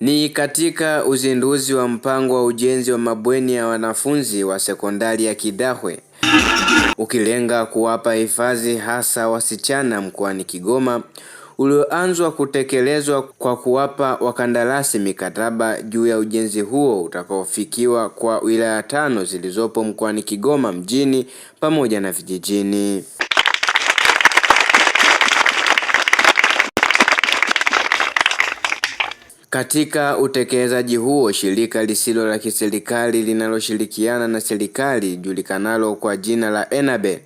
Ni katika uzinduzi wa mpango wa ujenzi wa mabweni ya wanafunzi wa sekondari ya Kidahwe ukilenga kuwapa hifadhi hasa wasichana mkoani Kigoma ulioanzwa kutekelezwa kwa kuwapa wakandarasi mikataba juu ya ujenzi huo utakaofikiwa kwa wilaya tano zilizopo mkoani Kigoma mjini pamoja na vijijini. Katika utekelezaji huo shirika lisilo la kiserikali linaloshirikiana na serikali julikanalo kwa jina la enabe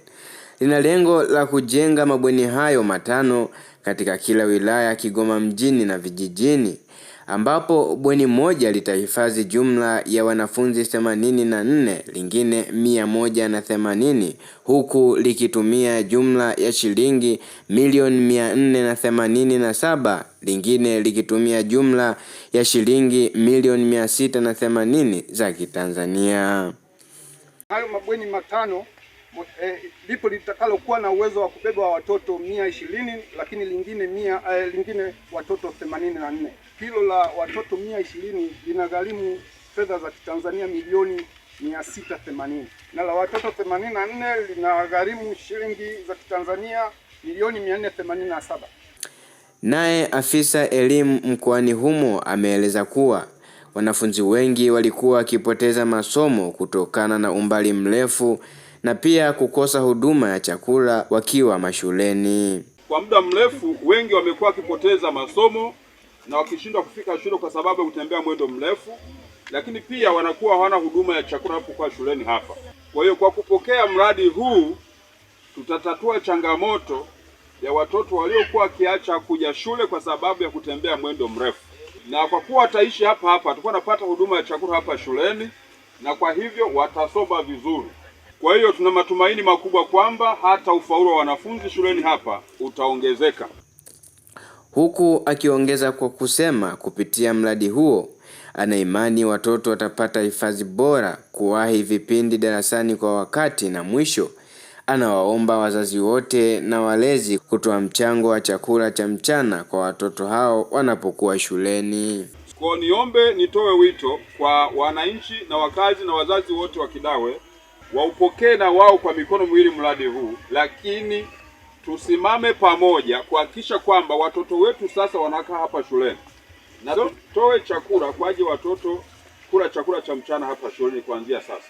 lina lengo la kujenga mabweni hayo matano katika kila wilaya ya Kigoma mjini na vijijini ambapo bweni moja litahifadhi jumla ya wanafunzi 84, lingine 180, huku likitumia jumla ya shilingi milioni mia saba lingine likitumia jumla ya shilingi milioni mia na themanini za Kitanzania. Hayo mabweni matano Eh, lipo litakalokuwa na uwezo wa kubeba watoto mia ishirini lakini lingine mia, eh, lingine watoto themanini na nne. Hilo la watoto mia ishirini linagharimu fedha za Kitanzania milioni mia sita themanini na la watoto themanini na nne linagharimu shilingi za Kitanzania milioni mia nne themanini na saba. Naye afisa elimu mkoani humo ameeleza kuwa wanafunzi wengi walikuwa wakipoteza masomo kutokana na umbali mrefu na pia kukosa huduma ya chakula wakiwa mashuleni. Kwa muda mrefu, wengi wamekuwa wakipoteza masomo na wakishindwa kufika shule kwa sababu ya kutembea mwendo mrefu, lakini pia wanakuwa hawana huduma ya chakula wanapokuwa shuleni hapa. Kwa hiyo kwa kupokea mradi huu tutatatua changamoto ya watoto waliokuwa wakiacha kuja shule kwa sababu ya kutembea mwendo mrefu, na kwa kuwa wataishi hapa hapa, tutakuwa napata huduma ya chakula hapa shuleni, na kwa hivyo watasoma vizuri. Kwa hiyo tuna matumaini makubwa kwamba hata ufaulu wa wanafunzi shuleni hapa utaongezeka. Huku akiongeza kwa kusema kupitia mradi huo ana imani watoto watapata hifadhi bora, kuwahi vipindi darasani kwa wakati, na mwisho anawaomba wazazi wote na walezi kutoa mchango wa chakula cha mchana kwa watoto hao wanapokuwa shuleni. Kwa niombe nitoe wito kwa wananchi na wakazi na wazazi wote wa Kidawe waupokee na wao kwa mikono miwili mradi huu, lakini tusimame pamoja kuhakikisha kwamba watoto wetu sasa wanakaa hapa shuleni na tutoe chakula kwa ajili watoto kula chakula cha mchana hapa shuleni kuanzia sasa.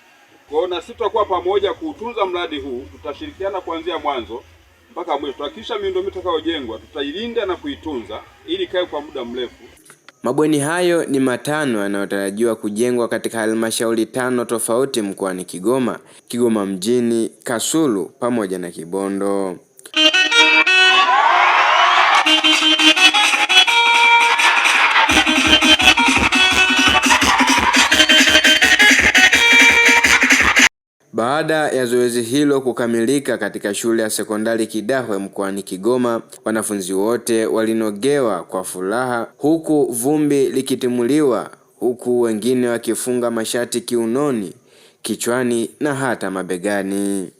Kwa na sisi tutakuwa pamoja kuutunza mradi huu, tutashirikiana kuanzia mwanzo mpaka mwisho. Tutahakikisha miundombinu itakayojengwa tutailinda na kuitunza ili kae kwa muda mrefu. Mabweni hayo ni matano yanayotarajiwa kujengwa katika halmashauri tano tofauti mkoani Kigoma, Kigoma mjini, Kasulu pamoja na Kibondo. Baada ya zoezi hilo kukamilika katika shule ya sekondari Kidahwe mkoani Kigoma, wanafunzi wote walinogewa kwa furaha huku vumbi likitimuliwa huku wengine wakifunga mashati kiunoni, kichwani na hata mabegani.